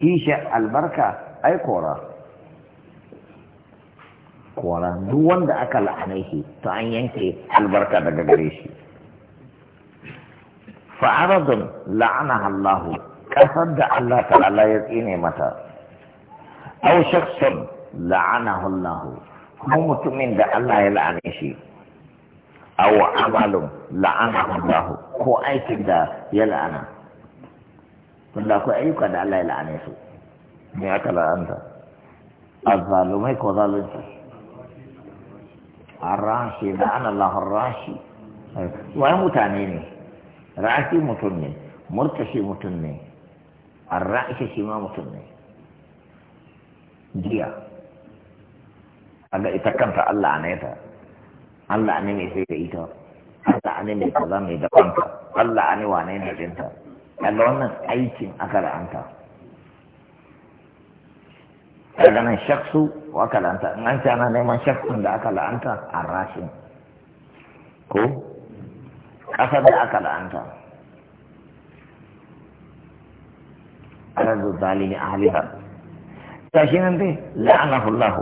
kisha albarka ai kora kora duk wanda aka la'anai shi to an yanke albarka daga gare shi fa'aradun la'anaha Allah kasar da Allah ta'ala ya tsine mata aw shakhsun la'ana Allah kuma mutumin da Allah ya la'ane shi aw amalun la'ana Allah ko aikin da ya la'ana tunda akwai ayyuka da Allah ya la'ane su me aka la'anta azzalumai ko zalunci arrashi da ana Allah rashi wai mutane ne rashi mutum ne murtashi mutum ne arrashi shi ma mutum ne jiya aga ita kanta Allah ne ta Allah ne mai sai da ita Allah ne mai kaza mai da kanta? Allah ne wane ne jinta kaga wannan aikin aka la'anta daga nan shaksu aka la'anta in an ce ana neman shaksun da aka la'anta a rashin ko ƙasar da aka la'anta arzu zalimi ahliha ta shi nan dai la'anahu Allah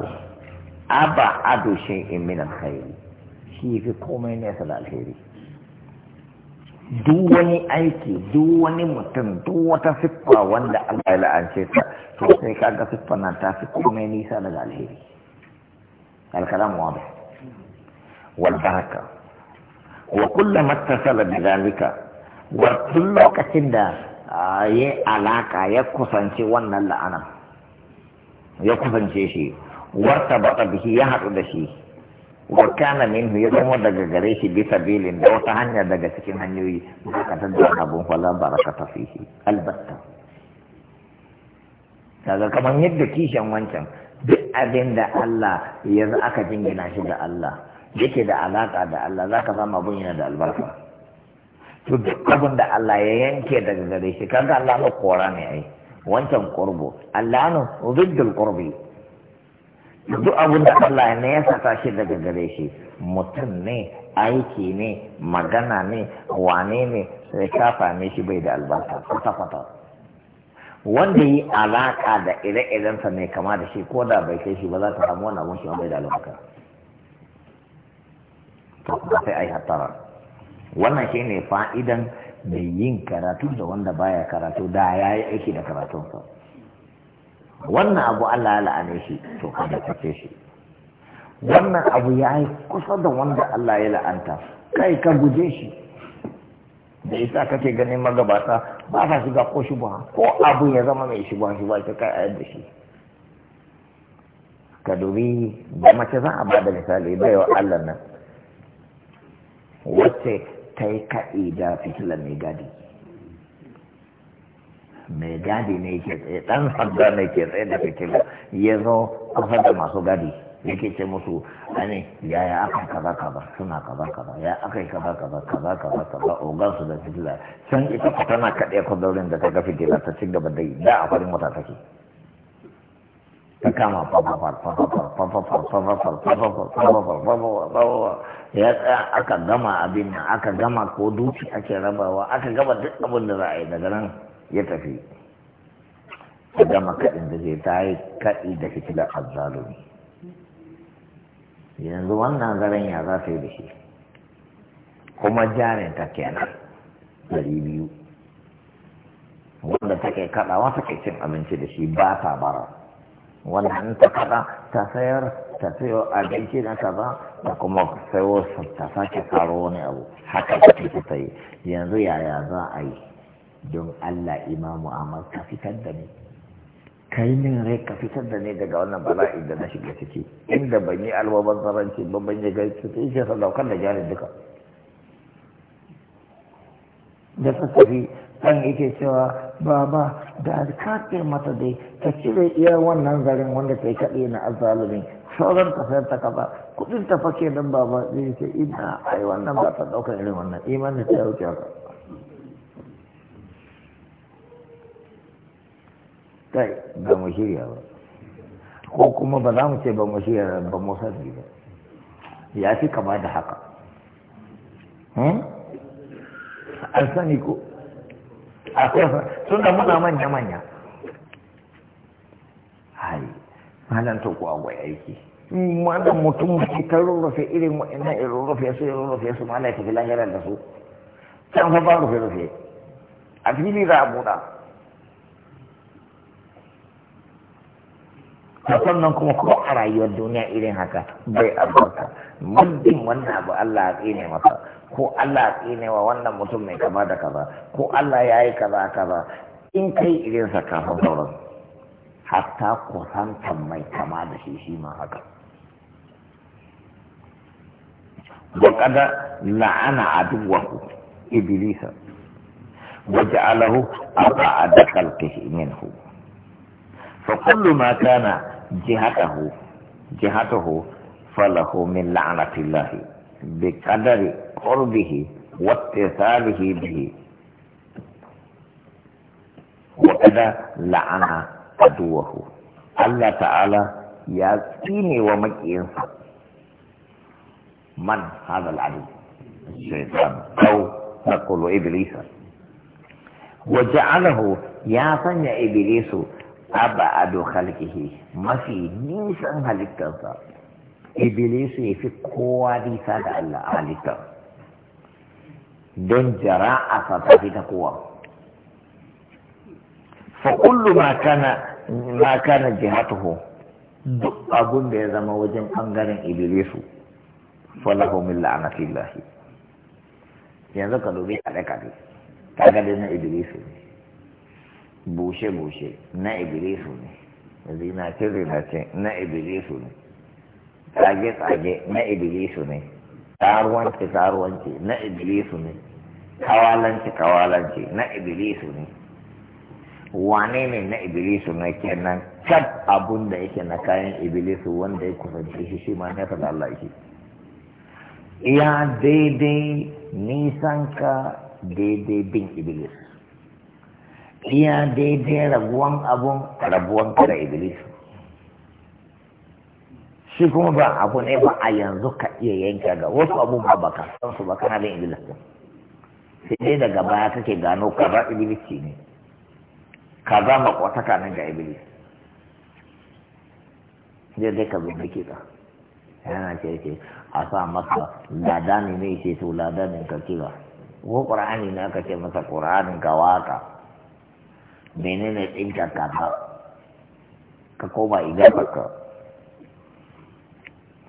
aba adu shay'in min alkhair shi fi komai ne sa alheri duk wani aiki duk wani mutum duk wata siffa wanda Allah ya la'ance ta to sai kaga siffa na ta fi komai nisa daga alheri alkalam wa ba wal baraka wa kullama tasala bi zalika wa kullu lokacin da ya alaka ya kusance wannan la'ana ya kusance shi warta bata bihi ya haɗu da shi wa kana minhu ya zama daga gare shi bisa bilin da wata hanya daga cikin hanyoyi ka ta da abun wala barakata fihi albatta Daga kamar yadda kishin wancan duk abin da Allah yanzu aka jingina shi da Allah yake da alaka da Allah za ka samu abun yana da albarka to duk abin da Allah ya yanke daga gare shi kaga Allah ma kora ne ai wancan qurbu Allah no ziddul qurbi duk abun da Allah ne ya saka shi daga gare shi mutum ne aiki ne magana ne wane ne sai ka shi bai da albarka kwata-kwata wanda yi alaka da ire-irensa ne kama da shi ko da bai kai shi ba za ka samu wannan abin shi bai da albarka to kuma sai ai hattara wannan shi ne fa'idan mai yin karatu da wanda baya karatu da ya yi aiki da karatunsa wannan abu Allah ya la'ane shi to ka da kace shi wannan abu ya yi kusa da wanda Allah ya la'anta kai ka guje shi da isa kake ganin magabata ba shiga ko ba ko abu ya zama mai shi ba ka kai ayar da shi ka dubi da mace za a bada misali bai wa Allah nan wacce ta yi ka'ida fitilar mai gadi mai gadi ne ke tsaye dan sanda ne ke tsaye da fitila ya zo kusa da masu gadi yake ce musu ya yaya aka kaza kaza suna kaza kaza ya aka yi kaza kaza kaza kaza kaza ogan su da fitila can ita ku tana kaɗe ku daurin da ta ga fitila ta ci gaba da yi da a farin wata take ta kama ya aka gama abin aka gama ko duki ake rabawa aka gama duk abin da za a yi daga nan ya tafi ta gama kaɗin da zai ta yi kaɗi da fitilar azzalumi yanzu wannan zaren ya za ta yi da shi kuma jarin ta kenan dari biyu wanda take wata ke cin abinci da shi ba ta bara wanda in ta kaɗa ta sayar ta sayo abinci na kaza da kuma sayo ta sake karo wani abu haka take ta yi yanzu yaya za a yi don Allah imamu Ahmad ka fitar da ni kai min rai ka fitar da ni daga wannan bala'i da na shiga ciki inda ban yi alwabar zaranci ba ban yi gaci sai shi sadaukar da jari duka da sassafi ɗan yake cewa baba da ka ce mata dai ta cire iya wannan zarin wanda ta yi kaɗe na azalumi sauran ta sayar ta kafa kuɗin ta fake don baba zai ce ina ai wannan ba ta ɗaukar irin wannan imanin ta yau wuce haka kai ba mu shirya ba ko kuma ba za mu ce ba mu shirya ba mu sani ba ya fi kama da haka hmm? an sani ko sun da muna manya-manya hai malan to ku agwai aiki wannan mutum ke karo rufe irin wa'annan irin rufe su irin rufe su ma laifi lahirar da su can fa ba rufe rufe a fili za a buɗa da sannan kuma ko a rayuwar duniya irin haka bai albarka muddin wannan abu Allah ya tsine masa ko Allah ya tsine wa wannan mutum mai kama da kaza ko Allah ya yi kaza kaza in kai irin sa kafin sauran hatta kusantan mai kama da shi shi ma haka wa kada la'ana aduwahu iblisa wa ja'alahu aba'ada khalqihi فكل ما كان جهته جهته فله من لعنة الله بقدر قربه واتصاله به وكذا لعن عدوه الله تعالى يأتيني ومكينسا من هذا العدو الشيطان أو نقول إبليس وجعله يا سنة إبليس Aba ado khalqihi mafi nisan halittarsa iblis ya fi kowa nisa da Allah a halittar don jara'a a ta fi ta kowa fa kullu ma kana ma kana jihatuhu duk abun da ya zama wajen bangaren iblisu falahu min la'anatillahi yanzu ka dubi kaɗe-kaɗe ta dai na iblisu ne bushe-bushe na ibilisu ne zinace-zinace na ibilisu ne tsage-tsage na ibilisu ne taruwanci-taruwanci na ibilisu ne kawalanci-kawalanci na ibilisu ne wane ne na ibilisu ne kenan kan abun da yake na kayan ibilisu wanda ya kusanci shi shi ma nesa da Allah yake iya daidai nisan ka daidai bin ibilisu iya daidai rabuwan abun rabuwan ka da iblis shi kuma ba abu ne ba a yanzu ka iya yanka ga wasu abun ba baka san su ba kana da iblis ba sai dai daga baya kake gano kaza iblis ce ne kaza kwata nan ga iblis sai dai ka zubi da kika yana ce ce a sa masa lada ne mai ce to lada ne ka kira ko ƙura'ani na ka ce masa ƙura'anin ka waka menene tsinka kafa ka koma igafarka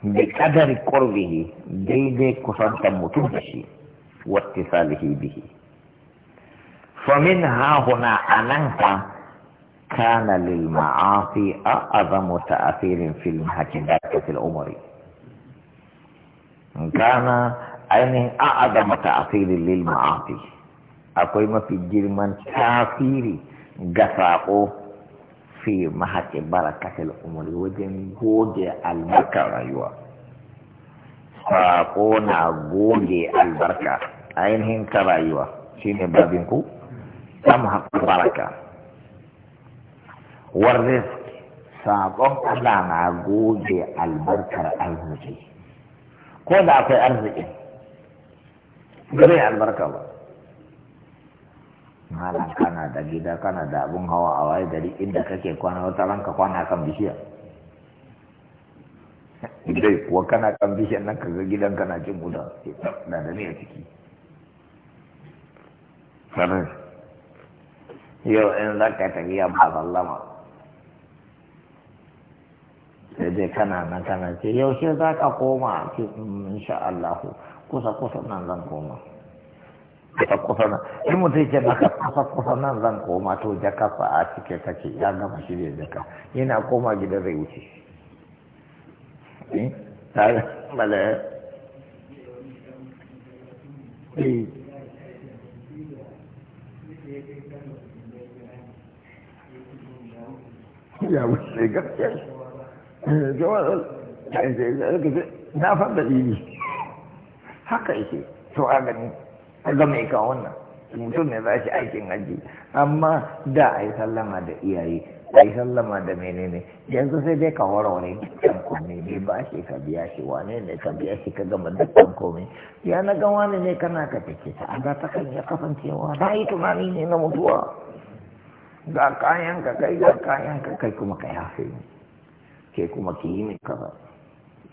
bi kadari qurbihi daidai kusantar mutum da shi wattisalihi bihi min ha huna anan ka kana lil ma'asi a'azamu ta'athirin fil mahajjati fil umri kana ainihin a'azamu ta'athirin lil ma'asi akwai mafi girman tasiri ga saƙo fi mahaƙi barakatul umar wajen goge albarka rayuwa saƙo na goge albarka ainihin ta rayuwa shi ne babin ku samu haƙar baraka warris saƙon Allah na goge albarkar arziki ko da akwai arziki gare albarka ba malam kana da gida kana da abun hawa a waye dari inda kake kwana wata ranka kwana kan bishiya dai kuwa kana kan bishiya nan ka ga gidan kana cin guda na da ne a ciki yau in za ka tafiya ba sallama sai dai kana nan kana ce shi za ka koma mm, insha Allah kusa kusa nan zan koma da kusa nan in mutum ce maka kasa kusa nan zan koma to jaka fa a cike take ya gama shi ne jaka yana koma gidan zai wuce eh? eh. ya wuce gaskiya eh, na fada ɗini haka yake to a gani ga mai ka wannan mutum ne za shi aikin aji amma da a yi sallama da iyaye a yi sallama da menene yanzu sai dai ka horo wani dukkan komai ne ba shi ka biya shi wane ne ka biya shi ka gama dukkan komai ya na ga wani ne kana ka take ta a ta kan ya kasancewa na yi tunani ne na mutuwa ga kayan ka kai ga kayan ka kai kuma ka yafe ke kuma ki yi min kaza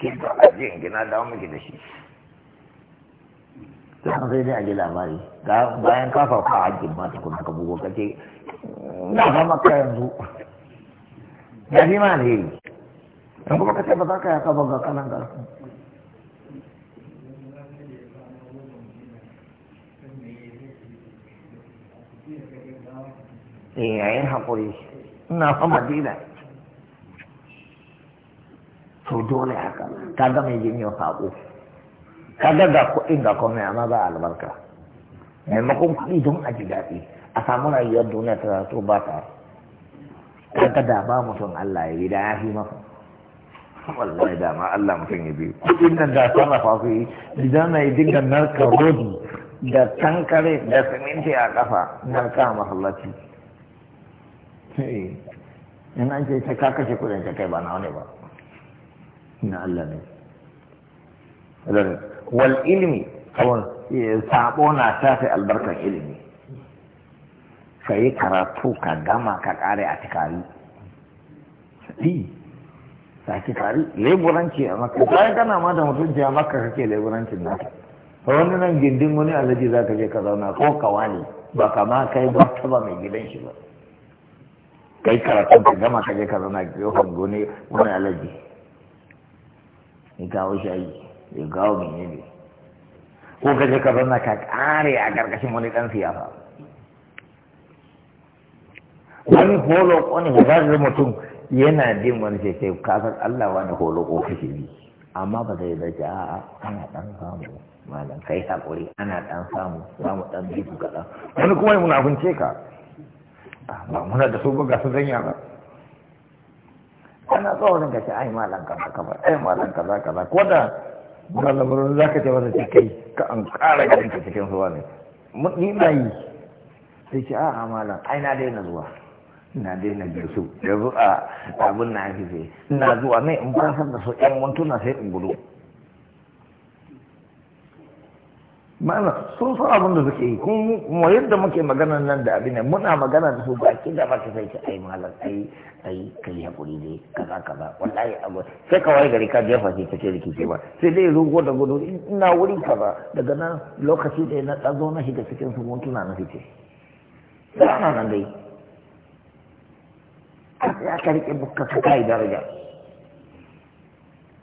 ke ba a je in gina dawo miki da shi sai sai dai a ji labari bayan ka sauka a hajjin ma tukun ka bugo ka ce na fa maka yanzu ya fi ma ne? in kuma ka ce ba za ka yaka ba ga kanan garkun eh, yayin haƙuri ina fa madina to dole haka ka ga mai jin yau haƙo kaga ga kuɗin ga komai amma ba albarka maimakon kuɗi don a ji daɗi a samu rayuwar duniya ta zato ba ta kaga da ba mutum Allah ya yi da ya fi masa wallahi da ma Allah mutum ya biyu kuɗin nan da sarrafa su yi idan na yi dinga narka rodi da tankare da siminti a kafa narka masallaci in an ce ka kashe kuɗin ka kai ba na wani ba na Allah ne Allah ne wal ilmi kawai eh, sabo na tafi albarkar ilimi ka yi karatu ka gama ka kare a tikari di saki tari leburanci a maka bayan kana ma da mutunci a maka kake leburancin naka a wani nan gindin wani alaji za ka je ka zauna ko ka wani? ba ka ma kai ba taba mai gidan shi ba kai karatu ka gama ka je ka zauna gefen gone wani alaji ni kawo shayi ya gawo ne ko kashe ka zanna ka kare a ƙarƙashin wani ɗan siyasa wani holo wani holo mutum yana jin wani ce ce kasar Allah wani holo ko kashe bi amma ba zai zace a'a ana ɗan samu malam kai haƙuri ana ɗan samu za mu ɗan bi kaɗan wani kuma yi munafunce ka ba muna da su buga su zanya ba ana tsohon ka ce ai malam kaza kaza ai malam kaza kaza ko da ba lamarin za ka ce masa ce kai ka an ƙara garin ka cikin ruwa ne ni na yi sai ce a'a malam ai na daina zuwa na daina gasu yanzu a abin na fi sai na zuwa ne in ba da so ƴan wantuna sai in gudu mana sun san abin da suke yi kuma yadda muke magana nan da abin muna magana da su baki da baki sai ai malam ai ai kai hakuri dai kaza kaza wallahi abu sai kawai gari ka jefa shi take kike ba sai dai rugo da gudu ina wuri kaza daga nan lokaci da na tsazo na shiga cikin su mutuna na fice sai ana nan dai ya ka rike bukka ka kai daraja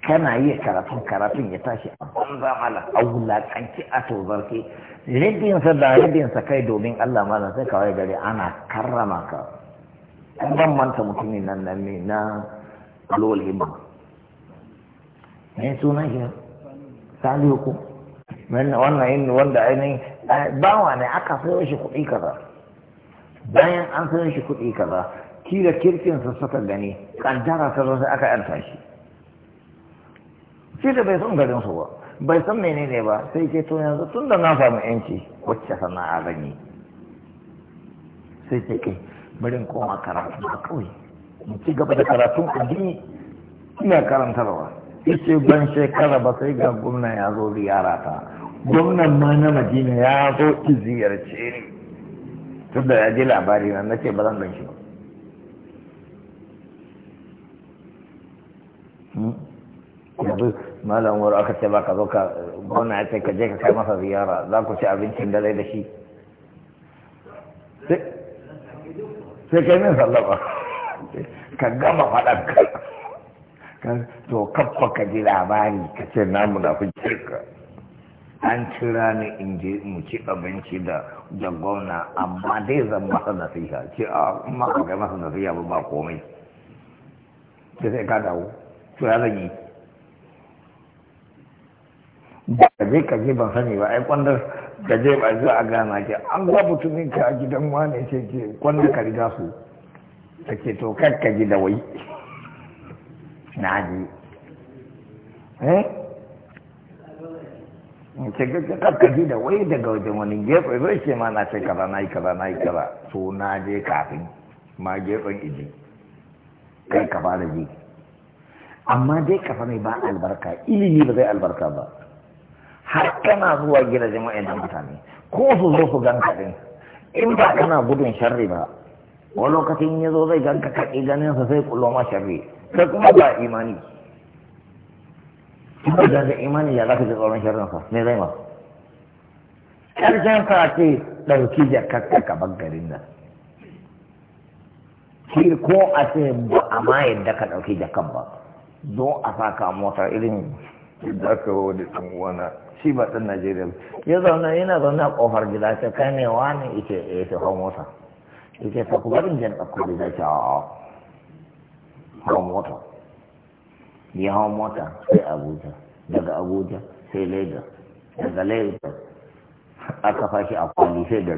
kana yi karatun karatun ya tashi a banza zamana a wulaƙanki a tozarki rabinsa da rabinsa kai domin Allah mana sai kawai gari ana karrama ka an ban manta mutumin nan nan ne na lola himma ne suna shi salihu ko wannan yin wanda ainihin bawa ne aka sayo shi kuɗi kaza bayan an sayo shi kuɗi kaza kila kirkin kirkinsa suka gani kaddara ta sai aka yanta shi shi da bai san garin su ba bai san menene ba sai ce to yanzu tun da na samu yanci wacce sana'a zan yi sai ce kai bari koma karatu a kawai mu ci gaba da karatun addini ina karantarwa yace ban shekara ba sai ga gwamna ya zo ziyara ta gwamnan ma na madina ya zo ki ziyarce ni tun da ya ji labari na nace ba zan gan shi ba hmm? yanzu malam wuri aka ce ba ka zo ka gona ya ce ka je ka kai masa ziyara za ku ci abincin dare da shi sai kai min sallama ka gama faɗan ka to kafa ka ji labari ka ce namu na fice ka an cira ni in je mu ci abinci da jagona gwamna amma dai zan masa nasiha ce a ma kai masa nasiha ba ba komai sai sai ka dawo to ya zan yi da je ka je ban sani ba ai kwandar da je ba zuwa a gana ke an ga mutumin ka a gidan wane ce ke kwandar ka riga su ta ke to kakka gida da wai na ji eh ce ga kakka gida da wai daga wajen wani gefe zai ce ma na ce kaza na yi kaza na yi kaza so na je kafin ma gefen iji kai ka fara je amma dai kafa mai ba albarka ilimi ba zai albarka ba har kana zuwa gidajen wa'annan mutane ko su zo su ganka din in ba kana gudun sharri ba wani lokacin ya zo zai ganka kaɗi ganin sa sai kullo ma sharri sai kuma ba imani kuma da imani ya zaka ji tsoron sharrin sa me zai ma karshen sa ce ɗauki jakarka ka bar garin nan shi ko a ce ba a ma yadda ka ɗauki jakar ba zo a saka motar irin da aka wa wani ɗan uwana shi ba ɗan najeriya ba ya zauna yana zauna a ƙofar gida ta kai ne wani ita ya ta hau mota ita ta ku barin jan ɗauko gida ce a hau mota ya hau mota sai abuja daga abuja sai lagos daga lagos aka fashi a kwali sai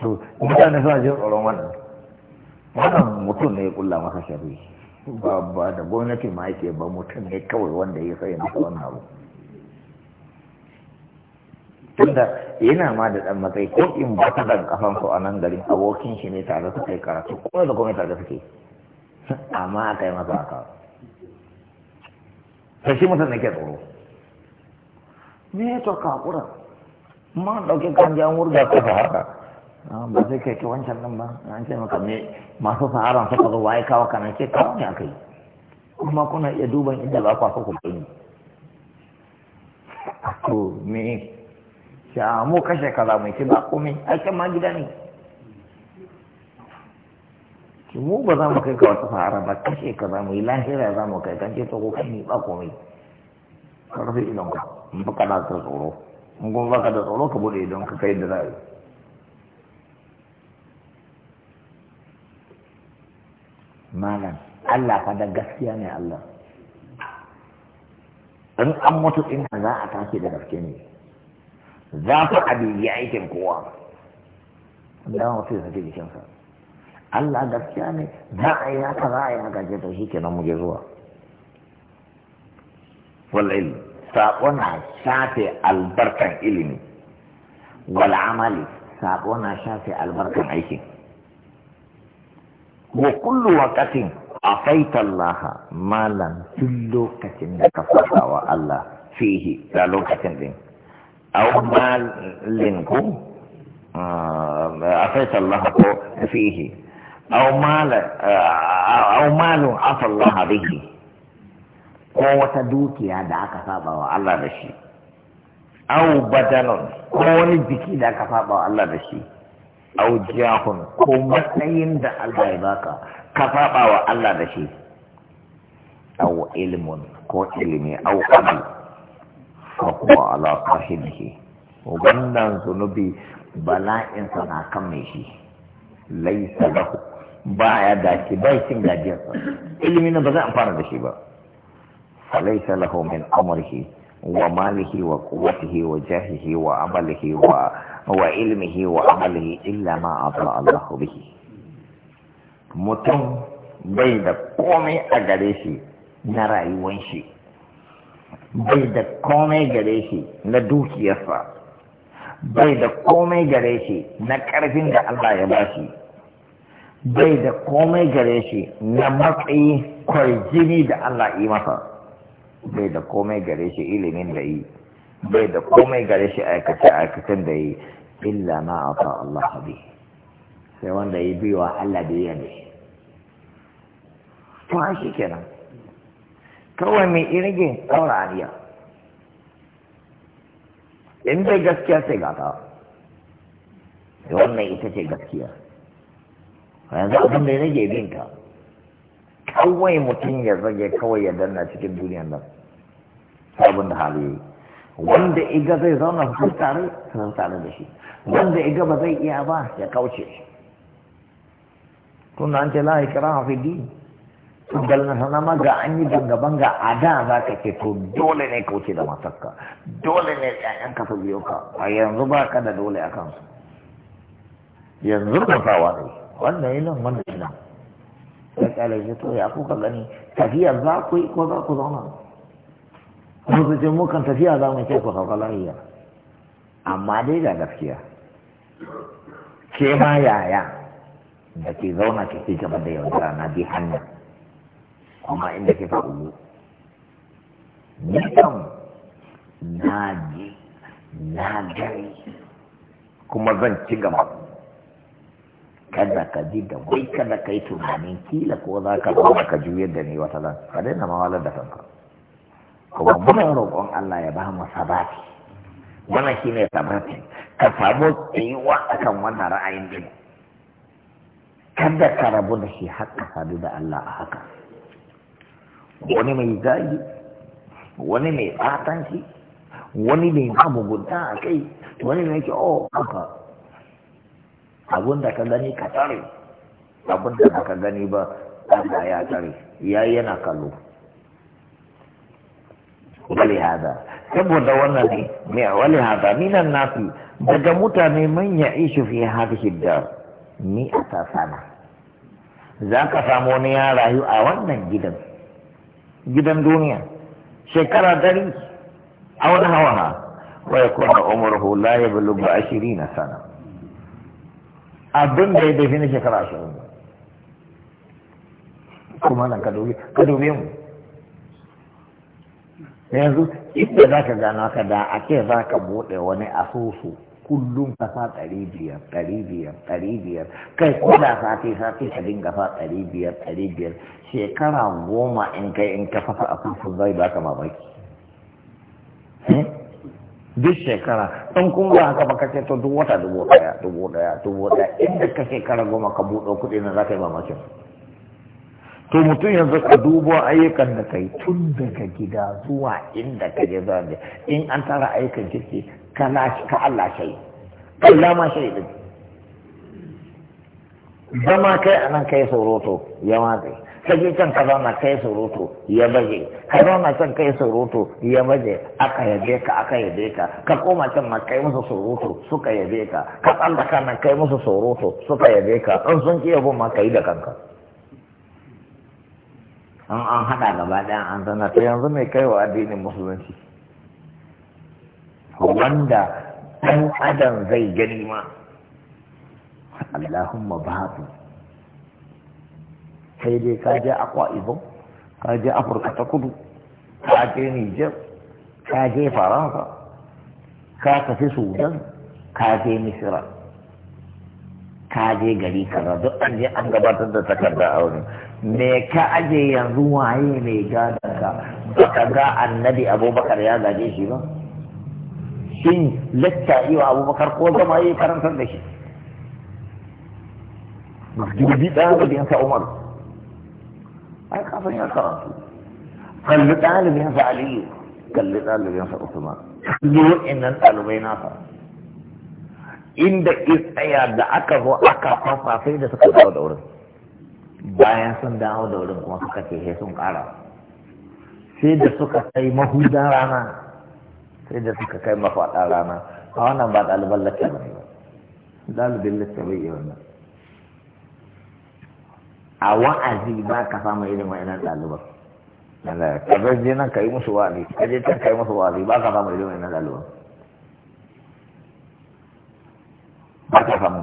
su to mutane suna jin tsoron wannan wannan mutum ne ya kulla masa shari'a ba ba da gwamnati ma yake ba mutum ne kawai wanda ya sai masa wannan abu tunda yana ma da dan matsayi ko in ba ta da kafan ko nan garin abokin shi ne tare su kai karatu ko da gwamnati tare suke amma aka yi masa haka sai shi mutum ke tsoro me ya to kakura ma dauke kan jan wurga kafa haka Ah, ba zai kai ki wancan nan ba an ce maka me masu sahara suka zo waye kawo kana ce kawo ne aka yi kuma kuna iya duban inda ba kwa ku bani to me sha mu kashe kaza mai ce ba komai ai kan ma gida ne ki mu ba za mu kai ka wata sahara ba kashe kaza mu yi lahira za mu kai kan ce to ko kai ni ba komai karfi idan ka in baka da tsoro in kuma baka da tsoro ka bude idan ka kai da za'a yi malam Allah fa da gaskiya ne Allah in an mutu in za a tashi da gaske ne za ku abiji aikin kowa da wasu ya jikinsa Allah gaskiya ne za a yi haka za a yi haka ce to shi kenan mu zuwa wallahi saƙo na shafe albarkan ilimi wal amali saƙo na shafe albarkan aikin wa kullu waqatin afaita Allah malan duk lokacin da ka fada wa Allah fihi da lokacin din aw malin ku ah, afaita Allah ko fihi aw mal ah, aw malun Allah bihi ko wata dukiya da aka saba wa Allah da shi aw badanun ko wani jiki da aka saba wa Allah da shi au jahun ko matsayin da Allah ya baka ka faɓa wa Allah da shi au ilmun ko ilimi au abu fa shi ala shi. wannan zunubi bala'in sa na kan mai shi laisa Ba ya da shi bai cin gajiyarsa ilimi na ba zai amfana da shi ba fa laisa lahu min amrihi wa malihi wa quwwatihi wa jahihi wa amalihi wa wa ilmihi wa amalihi illa ma afla Allah bihi mutum bai da komai a gare shi na rayuwan shi bai da komai gare shi na dukiyarsa bai da komai gare shi na karfin da Allah ya bashi bai da komai gare shi na matsayi kwarjini da Allah yi masa bai da komai gare shi ilimin da yi bai da komai gare shi aikace aikacen da yi illa ma a fa Allah habi sai wanda ya bi wa Allah da ya ne to an shi kenan kawai mai irgin ɗaura ariya in dai gaskiya sai gata wannan ita ce gaskiya yanzu abin da ya rage binta kawai mutum ya zage kawai ya danna cikin duniyar nan sabon da hali wanda iga zai zauna su tare su tare da shi wanda iga ba zai iya ba ya kauce tunda an ce la ikraha fi din na sana ma ga an yi banga banga a da za ka ce to dole ne kauce da matarka dole ne 'ya'yan ka su biyo ka a yanzu ba ka da dole a kansu yanzu ka sa ne wannan yi nan wannan yi nan ya kyalaje to ya kuka gani tafiya za ku yi ko za ku zauna musu ce mukan tafiya za mu ce ku sauka lahiya amma dai da gaskiya ke ma yaya da ke zauna ke ci gaba da yaudara na bi hanya kuma inda ke faɗo ni kan na ji na gari kuma zan ci gaba kada ka ji da wai kada ka yi tunanin kila ko za ka zo ka juyar da ni wata zan ka daina mawalar da kanka kuma muna roƙon Allah ya ba mu sabati wannan shi ne sabati ka samu tsayuwa akan wannan ra'ayin din kada ka rabu da shi har ka sadu da Allah a haka wani mai zagi wani mai batanci wani mai babu guda a kai wani mai ke oh haka abun da ka gani ka tsare abun da ka gani ba Allah ya tsare ya yana kallo Wali hada saboda wannan ne mai wali hada minan nafi daga mutane manya ya ishu fi hadhihi dar ni ata sana za ka samu wani ya rayu a wannan gidan gidan duniya shekara dari a wani hawa ha waye wa yakuna umruhu la yablughu 20 sana abin da ya dafi na shekara 20 kuma nan ka dubi ka dubi mu yanzu inda za ka gano ka da a ce za ka buɗe wani asusu kullum ka sa ɗari biyar ɗari biyar ɗari biyar kai ko da sati sati ka dinga sa ɗari biyar ɗari biyar shekara goma in kai in ka fasa asusu zai baka mamaki eh? duk shekara don kun ba haka ba kace to duk wata dubu daya dubu daya dubu daya inda ka shekara goma ka buɗe kuɗi na za ka yi mamakin to mutum yanzu ka dubo ayyukan da kai tun daga gida zuwa inda ka je zanje in an tara ayyukan kirki ka Allah shai Allah ma shai din zama kai a nan kai soroto ya matse ka je can ka zauna kai soroto ya baje ka zauna can kai soroto ya baje aka yabe ka aka yabe ka ka koma can ma kai musu soroto suka yabe ka ka tsallaka nan kai musu soroto suka yabe ka in sun ki yabo ma kai da kanka an an haɗa gaba ɗaya an zana to yanzu mai kai wa addinin musulunci wanda ɗan adam zai gani ma Allahumma bahatu. sai dai ka je akwa ibo ka je afirka ta kudu ka je nijar ka je faransa ka tafi sudan ka je misira ka je gari kaza duk an je an gabatar da takarda a wurin me ka aje yanzu waye mai gadon ka baka ga annabi abubakar ya gaje shi ba shin latta iya abubakar ko zama ya karantar da shi dubi ɗalibin sa umar ai kafin ya karatu kalli ɗalibin sa aliyu kalli ɗalibin sa usman kalli wa'innan ɗalibai nasa inda tsaya da aka zo aka fasa sai da suka dawo da wurin bayan sun dawo da wurin kuma suka ce sun kara sai da suka kai mahuda rana sai da suka kai mafaɗa rana a wannan ba ɗaliban lafiya ba ne ba ɗalibin lakta bai yi wannan a wa'azi ba ka samu irin wa'inan ɗaliban ka zai nan ka yi musu wa'azi ka je can ka yi musu wa'azi ba ka samu irin wa'annan ɗaliban ba ka samu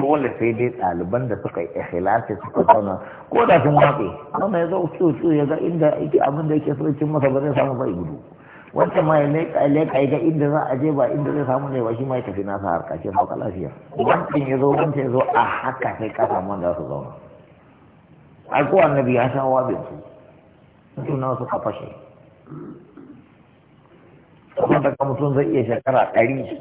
dole sai dai ɗaliban da suka yi ikhlasi suka zauna ko da sun watse wannan ya zo ciwo ya ga inda yake abin da yake so cin masa ba zai samu ba gudu wancan ma ya leƙa ga inda za a je ba inda zai samu ne ba shi ma ya tafi nasa harka shi sauka lafiya wancan ya zo wancan ya zo a haka sai ka samu wanda za su zauna ai ko annabi ya sha wabin su su na suka fashe kuma daga mutum zai iya shekara ɗari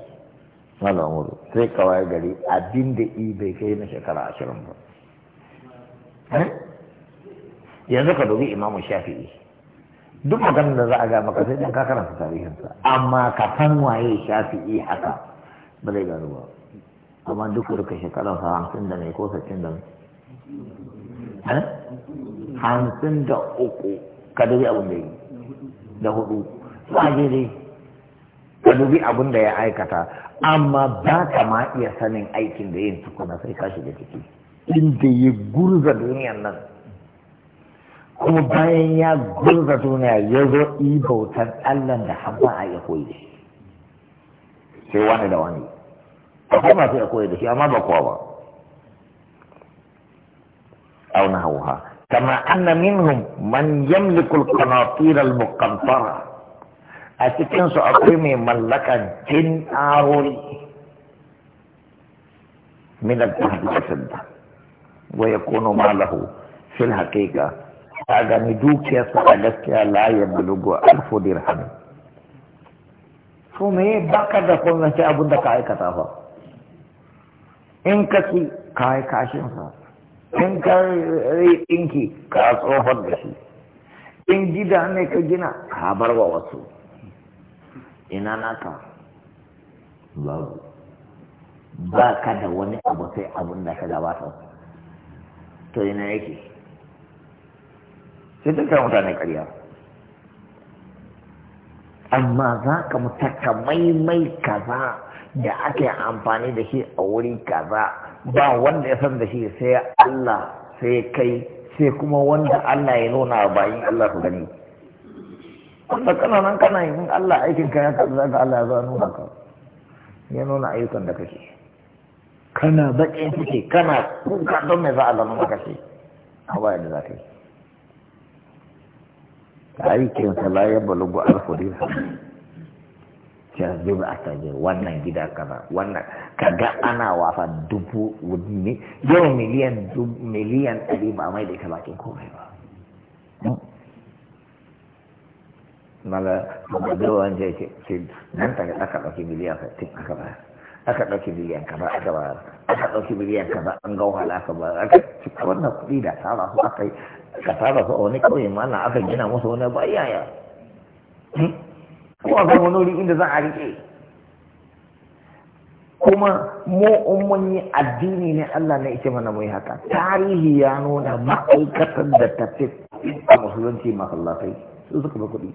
malam sai kawai gari abin da i bai kai na shekara ashirin ba eh? yanzu ka dubi imamu shafi'i duk maganar da za a ga maka sai dan ka karanta tarihinsa amma ka san waye shafi'i haka ba zai gano ba amma duk duka shekarar sa hamsin da mai ko sittin da eh? hamsin da uku ka dubi abin da yi da hudu ba dai ka dubi abin da ya aikata amma ba ka ma iya sanin aikin da yin tukuna sai ka shiga ciki inda ya gurza duniyar nan kuma bayan ya gurza duniya ya zo bautar allan da hamba a ya koyi da sai wani da wani Kuma sai ya koyi da shi amma ba kowa ba auna hauha kama anna minhum man yamliku al-qanatir al-muqantara a cikinsu akwai mai mallakan jin arori min al-tahdisin da wa yakunu malahu fil haqiqa ta gani sa a gaskiya la ya bulugu alfu dirham to me baka da gwamnati abin da ka aikata fa in ka ci ka yi kashinsa in ka rai ɗinki ka tsofar da shi in gida ne ka gina ka bar wa wasu ina ka babu ba ka da wani abu sai abin da ka gabata to ina yake sai dukkan mutane karya amma za ka mutaka maimai kaza da ake amfani da shi a wuri kaza ba wanda ya san da shi sai Allah sai kai sai kuma wanda Allah ya nuna bayan Allah su gani wanda kana nan kana in Allah aikin ka ya za ka Allah ya zuwa nuna ka ya nuna ayyukan da kake kana baƙin suke kana kuka don mai za a zama maka a baya da za ka yi aikin sa la ya balugu alfuri zai ba a taje wannan gida kana wannan ka ga ana wasa dubu ne yau miliyan miliyan ɗari ba mai da ita bakin komai ba mala babban da yake ce nan tare aka ɗauki miliyan sittin aka ba aka ɗauki miliyan ba aka ba aka ɗauki miliyan ba an gawo hala aka ba, aka cika wannan kuɗi da tara su aka yi ka tara su a wani ƙauye mana aka gina musu wani iyaya ko a zama wani inda za a riƙe kuma mu mun yi addini ne Allah ne yake mana mu yi haka tarihi ya nuna ma'aikatan da tafi a musulunci masallatai su suka ba kuɗi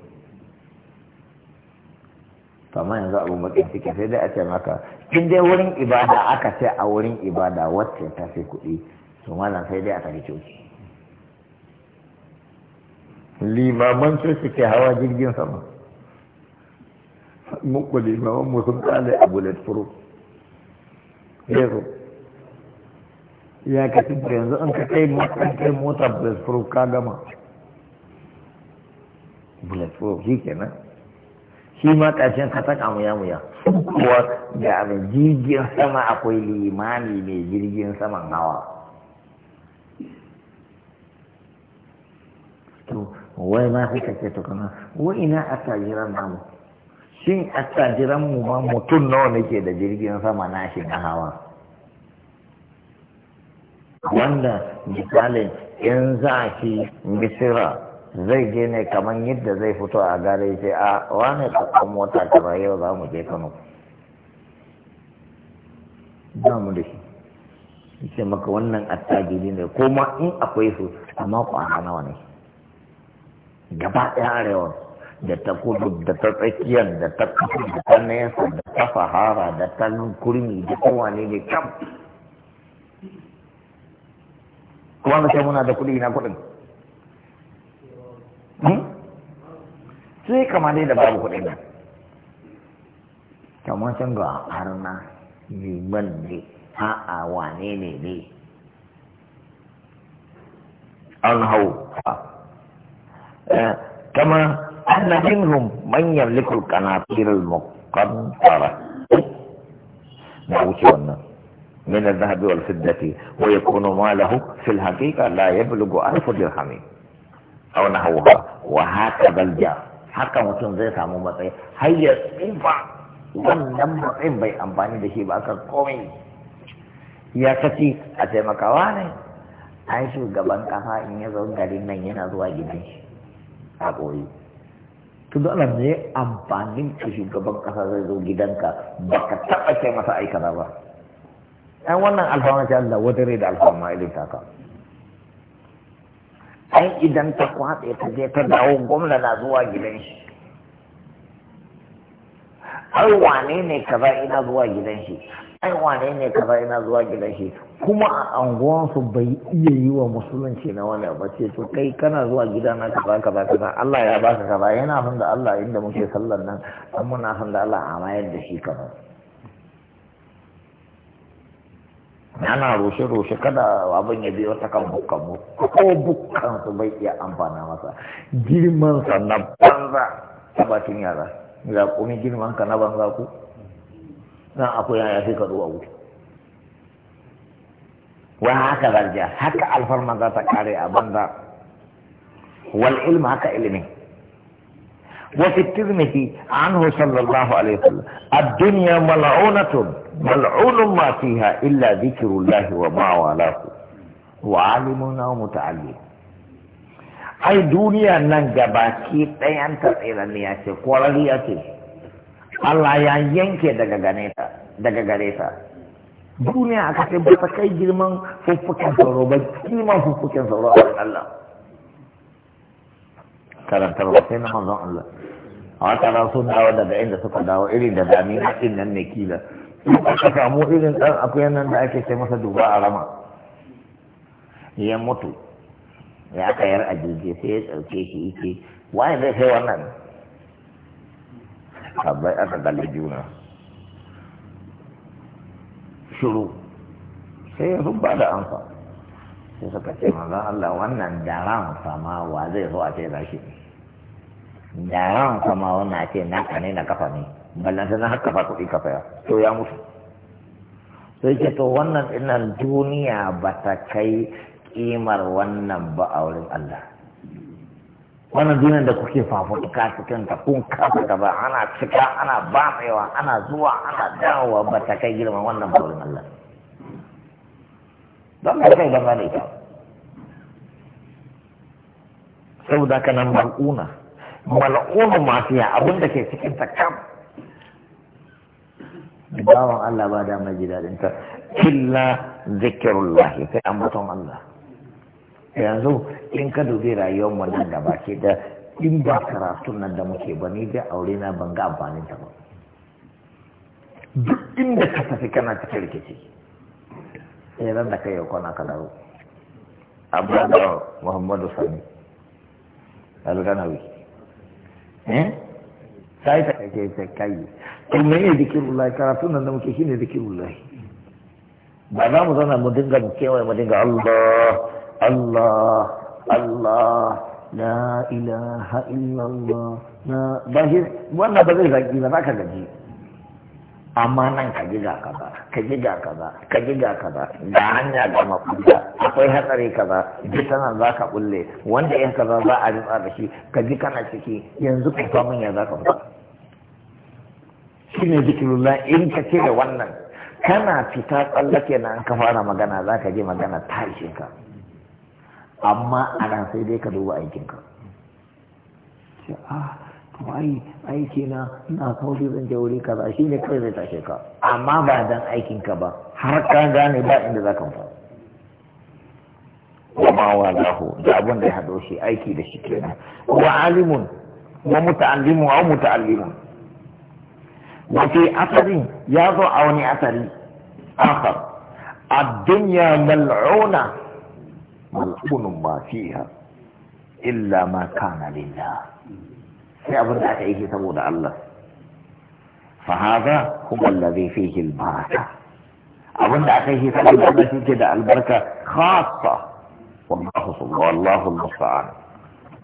amma yanzu abin bakin cikin sai dai a ce maka in dai wurin ibada aka ce a wurin ibada wacce ta fi kuɗi to malam sai dai a tafi coci limaman coci ke hawa jirgin sama muku limaman mu sun kale a bullet proof yanzu ya ka tuba yanzu in ka kai mota bullet proof ka gama bullet proof shi kenan shi ma ƙarshen ka saka muya muya kuwa da abin jirgin sama akwai limani mai jirgin saman hawa to wai ma sai kake ce to kana wai ina attajiran namu shin attajiran mu ma mutum nawa nake da jirgin sama na shi na hawa wanda misalin in za shi misira zai je ne kamar yadda zai fito a gare ce a wane kakon mota ba yau za mu je kano za mu da shi ce maka wannan attajiri ne ko ma in akwai su a mako a nawa ne gaba ɗaya arewa da ta kudu da ta tsakiyar da ta kudu da ta nesa da ta fahara da ta kurmi da kowane ne kam kuma na muna da kuɗi na kuɗin sai kama dai da babu kuɗin nan kamar can ga harna liman ne a'a wane ne ne an hau kama anna minhum man yamliku al-qanatir al-muqantara da wuce wannan من الذهب والفضة ويكون ماله في الحقيقة لا يبلغ ألف درهم au nahwa wa haka balja haka mutum zai samu matsayi har ya tsufa wannan matsayin bai amfani da shi ba kan komai ya kaci a taimakawa ne an shugaban kafa in ya zo garin nan yana zuwa gidan shi a koyi to dole ne amfanin ka shugaban kasa zai zo gidanka baka taɓa kai masa aikata ba ɗan wannan alfawar shi Allah wata rai da alfawar ma ka. ai idan ta kwatse ta je ta dawo gwamna na zuwa gidan shi ai wane ne kaza ina zuwa gidan shi ai wane ne kaza ina zuwa gidan shi kuma a anguwansu bai iya yi wa musulunci na wani ba ce to kai kana zuwa gida na kaza kaza kaza Allah ya baka kaza yana son da Allah inda muke sallar nan amma na son da Allah a mayar da shi kaza ana rushe-rushe kada abin ya biyo ta kan bukkanmu ko bukkan su bai iya amfana masa sa na banza ta bakin yara ga girman ka na banza ku Na akwai yaya sai ka a wuce wa haka zarja haka alfarma za ta kare a banza wal ilmi haka ilimin وفي الترمذي عنه صلى الله عليه وسلم الدنيا ملعونة ملعون ما فيها إلا ذكر الله وما والاه وعالمنا ومتعلم أي دنيا ننجباكي تيان تسيرانيا كورالياتي الله ينكي دقا غنيتا دقا غنيتا duniya aka ce ba ta kai girman fuffuken sauro ba kiman fuffuken sauro a Allah Karantarwa sai na manzon Allah a wata ran sun dawo daga inda suka dawo irin da dami haɗin nan ne kila aka samu irin ɗan akwai nan da ake ce masa duba a rama ya mutu ya aka yar a jirgi sai ya ɗauke shi yake wani zai kai wannan sabai aka galli juna shuru sai ya rubba da amsa sai suka ce manzon Allah wannan daren sama wa zai zo a ce za shi daren sama wannan ce na kane na kafa ne sai na haka kuɗi kafa ya to ya mutu sai ce to wannan dinnan duniya ba ta kai kimar wannan ba a wurin Allah wannan duniyar da kuke fafutuka cikin ta kun kafa ba ana cika ana batsewa ana zuwa ana dawowa ba ta kai girman wannan ba a wurin Allah don ka kai zama ne ta saboda ka nan mal'una mal'una mafiya abin da ke cikin ta kam bawan Allah ba da mai daɗin ta illa zikirullahi sai ambaton Allah yanzu in ka dubi rayuwar wannan da baki da in ba karatun nan da muke ba ni da aure na ban ga amfanin ta ba duk inda ka tafi kana cikin rikici eh da kai yau kwana ka dawo da muhammadu sani alganawi eh sai ta kake ta kai to me ne zikirullahi karatu nan da muke shine zikirullahi ba za mu zana mu dinga mu kewaye mu dinga Allah Allah Allah la ilaha illallah na ba shi wannan ba zai zaki ba za ka gaji amma nan ka ji ga kaza ka giga ga kaza ka giga ga kaza da hanya ga mafuta akwai hatsari kaza ji za ka bulle wanda yan kaza za a ritsa da shi ka ji kana ciki yanzu ka fa ya za ka fita ne zikirullah in ka ce da wannan kana fita tsallake na an ka fara magana za ka ji magana ta ishe ka amma a sai dai ka duba aikinka. ka ai aiki na ina sauri zan je wuri kaza shi ne kawai zai tashe ka amma ba dan aikin ka ba har ka gane ba inda za ka fara wa ma walahu da abin da ya hado shi aiki da shi kenan wa alimun wa muta'allimu wa muta'allimun wa fi asarin ya zo a wani asari akhar ad-dunya mal'una mal'unun ma fiha illa ma kana lillah يعبد عليه ثمود الله فهذا هو الذي فيه البركة عبد عليه ثمود الله في كده البركة خاصة والله سبحانه والله المستعان